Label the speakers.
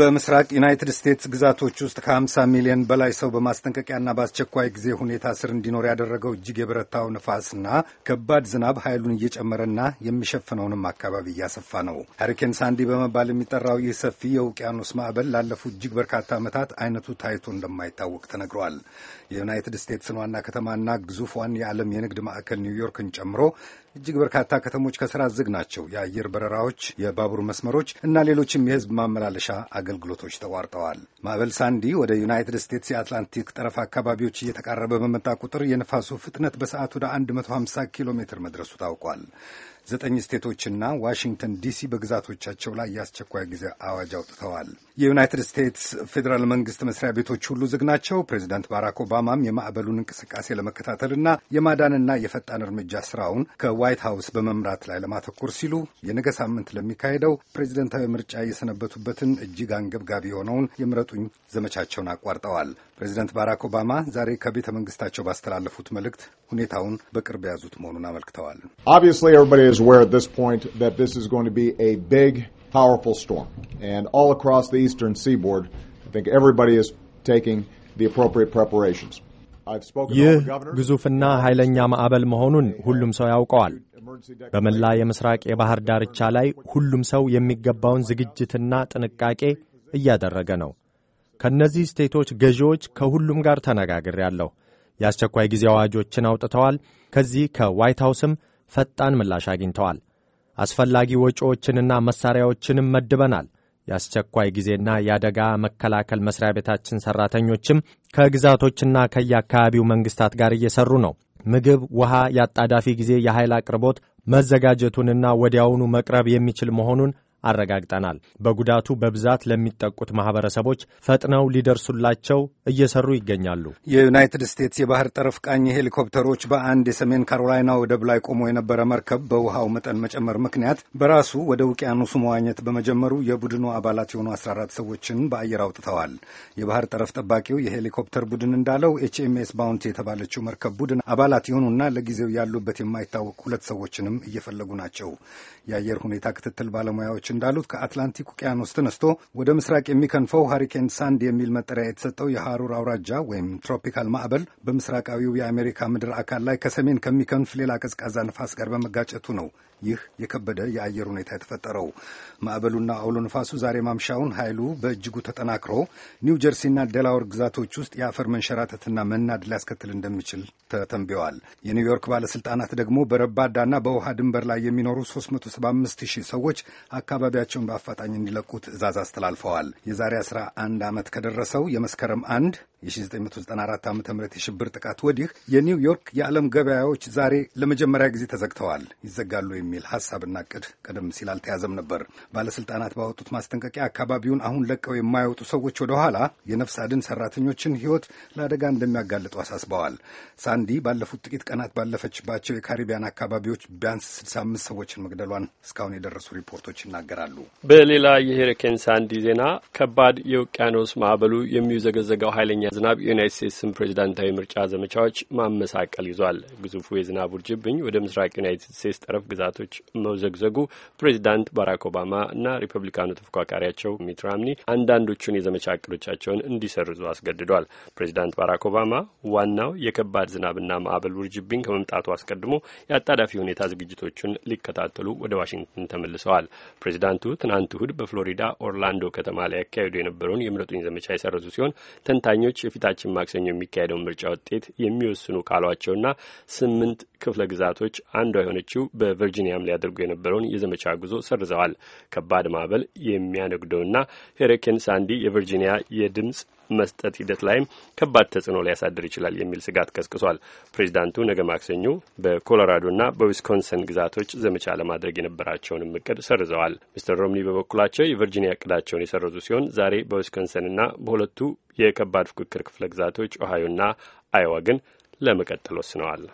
Speaker 1: በምስራቅ ዩናይትድ ስቴትስ ግዛቶች ውስጥ ከ50 ሚሊዮን በላይ ሰው በማስጠንቀቂያና በአስቸኳይ ጊዜ ሁኔታ ስር እንዲኖር ያደረገው እጅግ የበረታው ንፋስና ከባድ ዝናብ ኃይሉን እየጨመረና የሚሸፍነውንም አካባቢ እያሰፋ ነው። ሀሪኬን ሳንዲ በመባል የሚጠራው ይህ ሰፊ የውቅያኖስ ማዕበል ላለፉ እጅግ በርካታ ዓመታት አይነቱ ታይቶ እንደማይታወቅ ተነግሯል። የዩናይትድ ስቴትስን ዋና ከተማና ግዙፏን የዓለም የንግድ ማዕከል ኒውዮርክን ጨምሮ እጅግ በርካታ ከተሞች ከስራ ዝግ ናቸው። የአየር በረራዎች፣ የባቡር መስመሮች እና ሌሎችም የህዝብ ማመላለሻ አገ አገልግሎቶች ተቋርጠዋል። ማዕበል ሳንዲ ወደ ዩናይትድ ስቴትስ የአትላንቲክ ጠረፍ አካባቢዎች እየተቃረበ በመጣ ቁጥር የነፋሱ ፍጥነት በሰዓት ወደ 150 ኪሎ ሜትር መድረሱ ታውቋል። ዘጠኝ ስቴቶችና ዋሽንግተን ዲሲ በግዛቶቻቸው ላይ የአስቸኳይ ጊዜ አዋጅ አውጥተዋል። የዩናይትድ ስቴትስ ፌዴራል መንግስት መስሪያ ቤቶች ሁሉ ዝግ ናቸው። ፕሬዚዳንት ባራክ ኦባማም የማዕበሉን እንቅስቃሴ ለመከታተልና የማዳንና የፈጣን እርምጃ ስራውን ከዋይት ሀውስ በመምራት ላይ ለማተኮር ሲሉ የነገ ሳምንት ለሚካሄደው ፕሬዚደንታዊ ምርጫ የሰነበቱበትን እጅግ አንገብጋቢ የሆነውን የምረጡኝ ዘመቻቸውን አቋርጠዋል። ፕሬዚደንት ባራክ ኦባማ ዛሬ ከቤተ መንግስታቸው ባስተላለፉት መልእክት ሁኔታውን በቅርብ የያዙት መሆኑን አመልክተዋል።
Speaker 2: is aware at this point that this is going to be a big, powerful storm. And all across the eastern seaboard, I think everybody is taking the appropriate preparations. ይህ ግዙፍና ኃይለኛ ማዕበል መሆኑን ሁሉም ሰው ያውቀዋል። በመላ የምስራቅ የባህር ዳርቻ ላይ ሁሉም ሰው የሚገባውን ዝግጅትና ጥንቃቄ እያደረገ ነው። ከእነዚህ ስቴቶች ገዢዎች ከሁሉም ጋር ተነጋግሬያለሁ። የአስቸኳይ ጊዜ አዋጆችን አውጥተዋል። ከዚህ ከዋይት ሃውስም ፈጣን ምላሽ አግኝተዋል። አስፈላጊ ወጪዎችንና መሣሪያዎችንም መድበናል። የአስቸኳይ ጊዜና የአደጋ መከላከል መሥሪያ ቤታችን ሠራተኞችም ከግዛቶችና ከየአካባቢው መንግሥታት ጋር እየሠሩ ነው። ምግብ፣ ውሃ፣ የአጣዳፊ ጊዜ የኃይል አቅርቦት መዘጋጀቱንና ወዲያውኑ መቅረብ የሚችል መሆኑን አረጋግጠናል። በጉዳቱ በብዛት ለሚጠቁት ማህበረሰቦች ፈጥነው ሊደርሱላቸው እየሰሩ ይገኛሉ።
Speaker 1: የዩናይትድ ስቴትስ የባህር ጠረፍ ቃኝ ሄሊኮፕተሮች በአንድ የሰሜን ካሮላይና ወደብ ላይ ቆሞ የነበረ መርከብ በውሃው መጠን መጨመር ምክንያት በራሱ ወደ ውቅያኖሱ መዋኘት በመጀመሩ የቡድኑ አባላት የሆኑ 14 ሰዎችን በአየር አውጥተዋል። የባህር ጠረፍ ጠባቂው የሄሊኮፕተር ቡድን እንዳለው ኤችኤምኤስ ባውንቲ የተባለችው መርከብ ቡድን አባላት የሆኑና ለጊዜው ያሉበት የማይታወቅ ሁለት ሰዎችንም እየፈለጉ ናቸው። የአየር ሁኔታ ክትትል ባለሙያዎች እንዳሉት ከአትላንቲክ ውቅያኖስ ተነስቶ ወደ ምስራቅ የሚከንፈው ሃሪኬን ሳንድ የሚል መጠሪያ የተሰጠው የሐሩር አውራጃ ወይም ትሮፒካል ማዕበል በምስራቃዊው የአሜሪካ ምድር አካል ላይ ከሰሜን ከሚከንፍ ሌላ ቀዝቃዛ ነፋስ ጋር በመጋጨቱ ነው ይህ የከበደ የአየር ሁኔታ የተፈጠረው። ማዕበሉና አውሎ ነፋሱ ዛሬ ማምሻውን ኃይሉ በእጅጉ ተጠናክሮ ኒው ጀርሲና ደላወር ግዛቶች ውስጥ የአፈር መንሸራተትና መናድ ሊያስከትል እንደሚችል ተተንብየዋል። የኒውዮርክ ባለስልጣናት ደግሞ በረባዳና በውሃ ድንበር ላይ የሚኖሩ 375 ሺህ ሰዎች አካባቢ አካባቢያቸውን በአፋጣኝ እንዲለቁ ትዕዛዝ አስተላልፈዋል። የዛሬ 11 ዓመት ከደረሰው የመስከረም አንድ የ1994 ዓ ም የሽብር ጥቃት ወዲህ የኒውዮርክ የዓለም ገበያዎች ዛሬ ለመጀመሪያ ጊዜ ተዘግተዋል። ይዘጋሉ የሚል ሐሳብና ቅድ ቀደም ሲል አልተያዘም ነበር። ባለሥልጣናት ባወጡት ማስጠንቀቂያ አካባቢውን አሁን ለቀው የማይወጡ ሰዎች ወደ ኋላ የነፍስ አድን ሠራተኞችን ሕይወት ለአደጋ እንደሚያጋልጡ አሳስበዋል። ሳንዲ ባለፉት ጥቂት ቀናት ባለፈችባቸው የካሪቢያን አካባቢዎች ቢያንስ 65 ሰዎችን መግደሏን እስካሁን የደረሱ ሪፖርቶች ይናገራሉ።
Speaker 3: በሌላ የሄሪኬን ሳንዲ ዜና ከባድ የውቅያኖስ ማዕበሉ የሚዘገዘገው ኃይለኛ ዝናብ የዩናይት ስቴትስን ፕሬዚዳንታዊ ምርጫ ዘመቻዎች ማመሳቀል ይዟል። ግዙፉ የዝናብ ውርጅብኝ ወደ ምስራቅ ዩናይትድ ስቴትስ ጠረፍ ግዛቶች መውዘግዘጉ ፕሬዚዳንት ባራክ ኦባማ እና ሪፐብሊካኑ ተፎካካሪያቸው ሚት ራምኒ አንዳንዶቹን የዘመቻ እቅዶቻቸውን እንዲሰርዙ አስገድዷል። ፕሬዚዳንት ባራክ ኦባማ ዋናው የከባድ ዝናብና ማዕበል ውርጅብኝ ከመምጣቱ አስቀድሞ የአጣዳፊ ሁኔታ ዝግጅቶቹን ሊከታተሉ ወደ ዋሽንግተን ተመልሰዋል። ፕሬዚዳንቱ ትናንት እሁድ በፍሎሪዳ ኦርላንዶ ከተማ ላይ ያካሄዱ የነበረውን የምረጡኝ ዘመቻ የሰረዙ ሲሆን ተንታኞች የፊታችን ማክሰኞ የሚካሄደውን ምርጫ ውጤት የሚወስኑ ካሏቸውና ስምንት ክፍለ ግዛቶች አንዷ የሆነችው በቨርጂኒያም ሊያደርጉ የነበረውን የዘመቻ ጉዞ ሰርዘዋል። ከባድ ማዕበል የሚያነጉደውና ሄሪኬን ሳንዲ የቨርጂኒያ የድምፅ መስጠት ሂደት ላይም ከባድ ተጽዕኖ ሊያሳድር ይችላል የሚል ስጋት ቀስቅሷል። ፕሬዚዳንቱ ነገ ማክሰኞ በኮሎራዶና በዊስኮንሰን ግዛቶች ዘመቻ ለማድረግ የነበራቸውንም እቅድ ሰርዘዋል። ሚስተር ሮምኒ በበኩላቸው የቨርጂኒያ እቅዳቸውን የሰረዙ ሲሆን ዛሬ በዊስኮንሰንና በሁለቱ የከባድ ፉክክር ክፍለ ግዛቶች ኦሃዮና አይዋ ግን ለመቀጠል ወስነዋል።